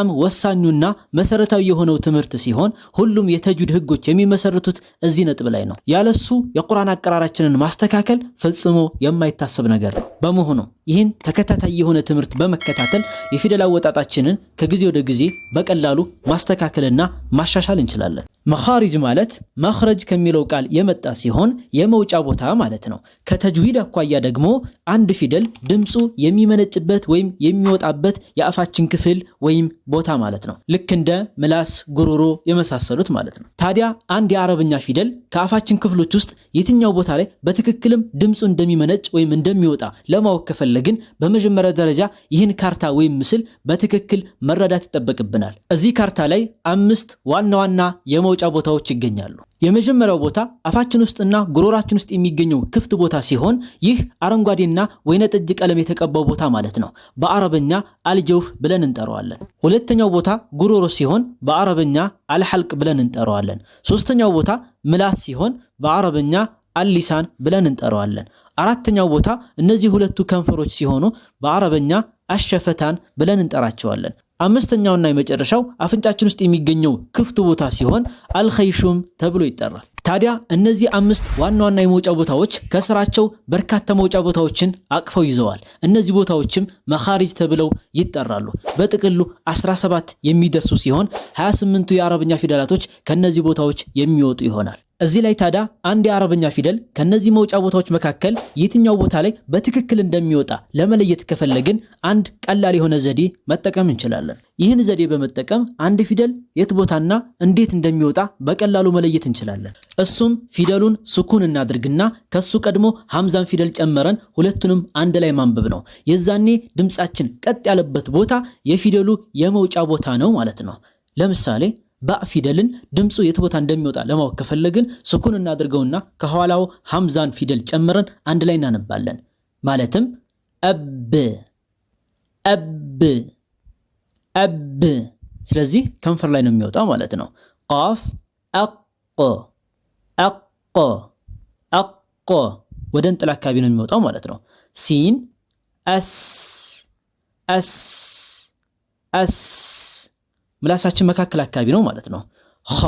በጣም ወሳኙና መሰረታዊ የሆነው ትምህርት ሲሆን ሁሉም የተጁድ ህጎች የሚመሰርቱት እዚህ ነጥብ ላይ ነው። ያለሱ የቁርአን አቀራራችንን ማስተካከል ፈጽሞ የማይታሰብ ነገር ነው። በመሆኑም ይህን ተከታታይ የሆነ ትምህርት በመከታተል የፊደል አወጣጣችንን ከጊዜ ወደ ጊዜ በቀላሉ ማስተካከልና ማሻሻል እንችላለን። መኻሪጅ ማለት መኽረጅ ከሚለው ቃል የመጣ ሲሆን የመውጫ ቦታ ማለት ነው። ከተጅዊድ አኳያ ደግሞ አንድ ፊደል ድምፁ የሚመነጭበት ወይም የሚወጣበት የአፋችን ክፍል ወይም ቦታ ማለት ነው። ልክ እንደ ምላስ፣ ጉሮሮ የመሳሰሉት ማለት ነው። ታዲያ አንድ የአረብኛ ፊደል ከአፋችን ክፍሎች ውስጥ የትኛው ቦታ ላይ በትክክልም ድምፁ እንደሚመነጭ ወይም እንደሚወጣ ለማወቅ ከፈለግን በመጀመሪያ ደረጃ ይህን ካርታ ወይም ምስል በትክክል መረዳት ይጠበቅብናል። እዚህ ካርታ ላይ አምስት ዋና ዋና የመ መውጫ ቦታዎች ይገኛሉ። የመጀመሪያው ቦታ አፋችን ውስጥና ጉሮራችን ውስጥ የሚገኘው ክፍት ቦታ ሲሆን ይህ አረንጓዴና ወይነጠጅ ቀለም የተቀባው ቦታ ማለት ነው። በአረበኛ አልጀውፍ ብለን እንጠራዋለን። ሁለተኛው ቦታ ጉሮሮ ሲሆን በአረበኛ አልሐልቅ ብለን እንጠራዋለን። ሶስተኛው ቦታ ምላስ ሲሆን በአረበኛ አልሊሳን ብለን እንጠራዋለን። አራተኛው ቦታ እነዚህ ሁለቱ ከንፈሮች ሲሆኑ በአረበኛ አሸፈታን ብለን እንጠራቸዋለን። አምስተኛውና የመጨረሻው አፍንጫችን ውስጥ የሚገኘው ክፍት ቦታ ሲሆን አልኸይሹም ተብሎ ይጠራል። ታዲያ እነዚህ አምስት ዋና ዋና የመውጫ ቦታዎች ከስራቸው በርካታ መውጫ ቦታዎችን አቅፈው ይዘዋል። እነዚህ ቦታዎችም መኻሪጅ ተብለው ይጠራሉ። በጥቅሉ 17 የሚደርሱ ሲሆን 28ቱ የአረብኛ ፊደላቶች ከነዚህ ቦታዎች የሚወጡ ይሆናል። እዚህ ላይ ታዲያ አንድ የአረብኛ ፊደል ከነዚህ መውጫ ቦታዎች መካከል የትኛው ቦታ ላይ በትክክል እንደሚወጣ ለመለየት ከፈለግን አንድ ቀላል የሆነ ዘዴ መጠቀም እንችላለን። ይህን ዘዴ በመጠቀም አንድ ፊደል የት ቦታና እንዴት እንደሚወጣ በቀላሉ መለየት እንችላለን። እሱም ፊደሉን ስኩን እናድርግና ከሱ ቀድሞ ሀምዛን ፊደል ጨመረን ሁለቱንም አንድ ላይ ማንበብ ነው። የዛኔ ድምፃችን ቀጥ ያለበት ቦታ የፊደሉ የመውጫ ቦታ ነው ማለት ነው። ለምሳሌ ባ ፊደልን ድምፁ የት ቦታ እንደሚወጣ ለማወቅ ከፈለግን ስኩን እናድርገውና ከኋላው ሀምዛን ፊደል ጨምረን አንድ ላይ እናነባለን። ማለትም እብ እብ አብ። ስለዚህ ከንፈር ላይ ነው የሚወጣው ማለት ነው። ቃፍ አቆ አቆ አቆ ወደ እንጥል አካባቢ ነው የሚወጣው ማለት ነው። ሲን አስ አስ አስ ምላሳችን መካከል አካባቢ ነው ማለት ነው። ኸ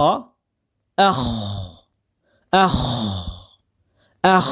አኽ አኽ አኽ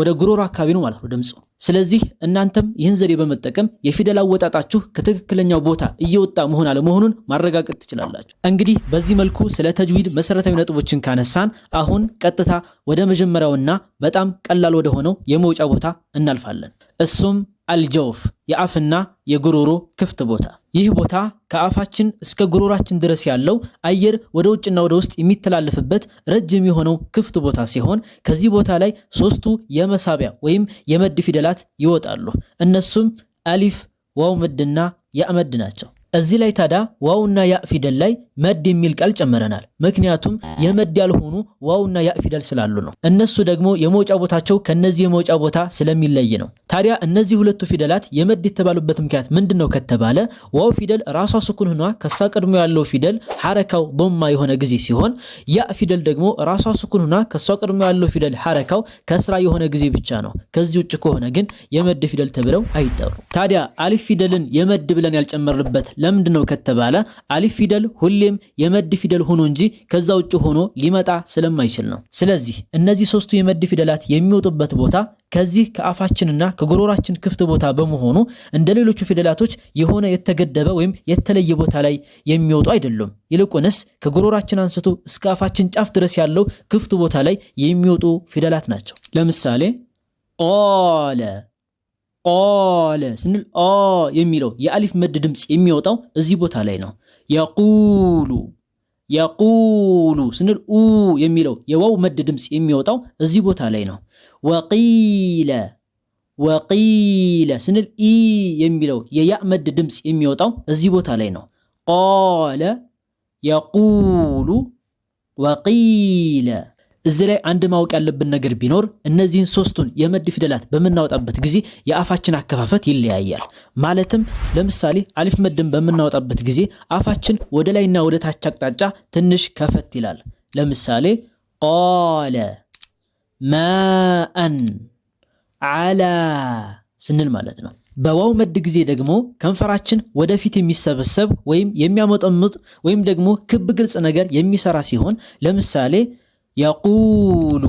ወደ ጉሮሮ አካባቢ ነው ማለት ነው ድምፁ። ስለዚህ እናንተም ይህን ዘዴ በመጠቀም የፊደል አወጣጣችሁ ከትክክለኛው ቦታ እየወጣ መሆን አለመሆኑን ማረጋገጥ ትችላላችሁ። እንግዲህ በዚህ መልኩ ስለ ተጅዊድ መሰረታዊ ነጥቦችን ካነሳን አሁን ቀጥታ ወደ መጀመሪያውና በጣም ቀላል ወደሆነው የመውጫ ቦታ እናልፋለን። እሱም አልጀውፍ የአፍና የጉሮሮ ክፍት ቦታ። ይህ ቦታ ከአፋችን እስከ ጉሮራችን ድረስ ያለው አየር ወደ ውጭና ወደ ውስጥ የሚተላለፍበት ረጅም የሆነው ክፍት ቦታ ሲሆን ከዚህ ቦታ ላይ ሶስቱ የመሳቢያ ወይም የመድ ፊደላት ይወጣሉ። እነሱም አሊፍ፣ ዋው ምድና ያ ናቸው። እዚህ ላይ ታዲያ ዋውና ያ ፊደል ላይ መድ የሚል ቃል ጨምረናል። ምክንያቱም የመድ ያልሆኑ ዋውና ያ ፊደል ስላሉ ነው። እነሱ ደግሞ የመውጫ ቦታቸው ከነዚህ የመውጫ ቦታ ስለሚለይ ነው። ታዲያ እነዚህ ሁለቱ ፊደላት የመድ የተባሉበት ምክንያት ምንድን ነው ከተባለ ዋው ፊደል ራሷ ስኩን ሆኗ ከሳ ቀድሞ ያለው ፊደል ሐረካው ዶማ የሆነ ጊዜ ሲሆን ያ ፊደል ደግሞ ራሷ ስኩን ሆኗ ከሷ ቀድሞ ያለው ፊደል ሐረካው ከስራ የሆነ ጊዜ ብቻ ነው። ከዚህ ውጭ ከሆነ ግን የመድ ፊደል ተብለው አይጠሩ። ታዲያ አሊፍ ፊደልን የመድ ብለን ያልጨመርንበት ለምንድን ነው ከተባለ አሊፍ ፊደል ሁሌ ሁሌም የመድ ፊደል ሆኖ እንጂ ከዛ ውጭ ሆኖ ሊመጣ ስለማይችል ነው። ስለዚህ እነዚህ ሶስቱ የመድ ፊደላት የሚወጡበት ቦታ ከዚህ ከአፋችንና ከጎሮራችን ክፍት ቦታ በመሆኑ እንደ ሌሎቹ ፊደላቶች የሆነ የተገደበ ወይም የተለየ ቦታ ላይ የሚወጡ አይደሉም። ይልቁንስ ከጎሮራችን አንስቶ እስከ አፋችን ጫፍ ድረስ ያለው ክፍት ቦታ ላይ የሚወጡ ፊደላት ናቸው። ለምሳሌ ቆለ ቆለ ስንል ኦ የሚለው የአሊፍ መድ ድምፅ የሚወጣው እዚህ ቦታ ላይ ነው። የቁሉ የቁሉ ስንል ኡ የሚለው የዋው መድ ድምፅ የሚወጣው እዚህ ቦታ ላይ ነው። ወቂለ ወቂለ ስንል ኢ የሚለው የያ መድ ድምፅ የሚወጣው እዚህ ቦታ ላይ ነው። ቃለ የቁሉ ወቂለ እዚህ ላይ አንድ ማወቅ ያለብን ነገር ቢኖር እነዚህን ሶስቱን የመድ ፊደላት በምናወጣበት ጊዜ የአፋችን አከፋፈት ይለያያል። ማለትም ለምሳሌ አሊፍ መድን በምናወጣበት ጊዜ አፋችን ወደ ላይና ወደ ታች አቅጣጫ ትንሽ ከፈት ይላል። ለምሳሌ ቃለ ማአን አላ ስንል ማለት ነው። በዋው መድ ጊዜ ደግሞ ከንፈራችን ወደፊት የሚሰበሰብ ወይም የሚያመጠምጥ ወይም ደግሞ ክብ ግልጽ ነገር የሚሰራ ሲሆን ለምሳሌ የቁሉ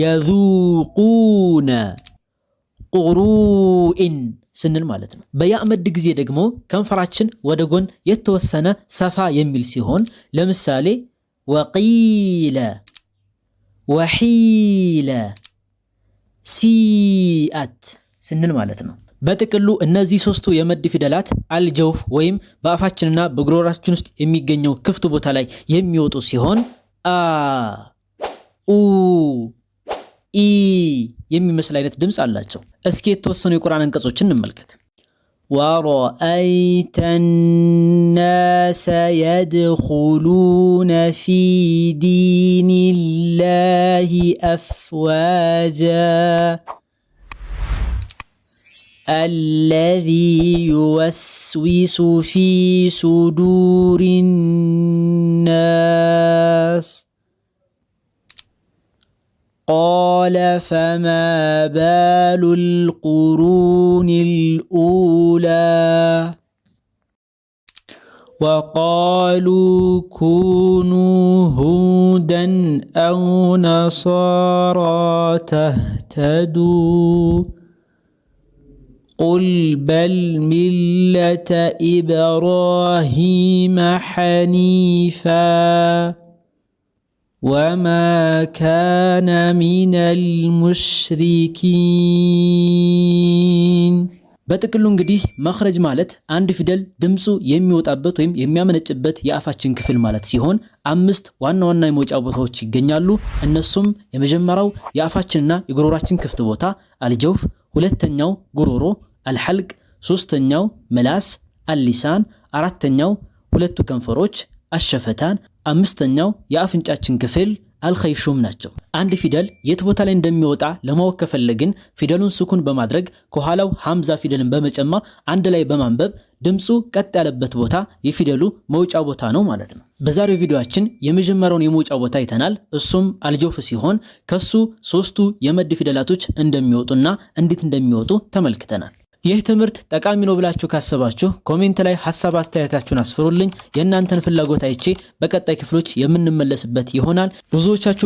የዙቁነ ቁሩኢን ስንል ማለት ነው። በያእመድ ጊዜ ደግሞ ከንፈራችን ወደ ጎን የተወሰነ ሰፋ የሚል ሲሆን ለምሳሌ ወቂለ፣ ወሒለ፣ ሲአት ስንል ማለት ነው። በጥቅሉ እነዚህ ሶስቱ የመድ ፊደላት አልጀውፍ ወይም በአፋችንና በጉሮራችን ውስጥ የሚገኘው ክፍት ቦታ ላይ የሚወጡ ሲሆን አ ኡ ኢ የሚመስል አይነት ድምፅ አላቸው። እስኪ የተወሰኑ የቁርአን አንቀጾችን እንመልከት። ወረአይተ ናሰ የድኹሉነ ፊ ዲንላሂ አፍዋጃ አለዚ ዩወስዊሱ ፊ ሱዱሪናስ قال فما بال القرون الاولى وقالوا كونوا هودا او نصارى تهتدوا قل بل مله ابراهيم حنيفا وما كان من المشركين በጥቅሉ እንግዲህ መኽረጅ ማለት አንድ ፊደል ድምፁ የሚወጣበት ወይም የሚያመነጭበት የአፋችን ክፍል ማለት ሲሆን አምስት ዋና ዋና የመውጫ ቦታዎች ይገኛሉ። እነሱም የመጀመሪያው የአፋችንና የጉሮሯችን ክፍት ቦታ አልጀውፍ፣ ሁለተኛው ጉሮሮ አልሐልቅ፣ ሶስተኛው ምላስ አሊሳን አራተኛው ሁለቱ ከንፈሮች አሸፈታን፣ አምስተኛው የአፍንጫችን ክፍል አልኸይሹም ናቸው። አንድ ፊደል የት ቦታ ላይ እንደሚወጣ ለማወቅ ከፈለግን ፊደሉን ስኩን በማድረግ ከኋላው ሐምዛ ፊደልን በመጨመር አንድ ላይ በማንበብ ድምፁ ቀጥ ያለበት ቦታ የፊደሉ መውጫ ቦታ ነው ማለት ነው። በዛሬው ቪዲዮአችን የመጀመሪያውን የመውጫ ቦታ አይተናል። እሱም አልጆፍ ሲሆን ከሱ ሶስቱ የመድ ፊደላቶች እንደሚወጡና እንዴት እንደሚወጡ ተመልክተናል። ይህ ትምህርት ጠቃሚ ነው ብላችሁ ካሰባችሁ ኮሜንት ላይ ሀሳብ አስተያየታችሁን አስፍሩልኝ። የእናንተን ፍላጎት አይቼ በቀጣይ ክፍሎች የምንመለስበት ይሆናል ብዙዎቻችሁ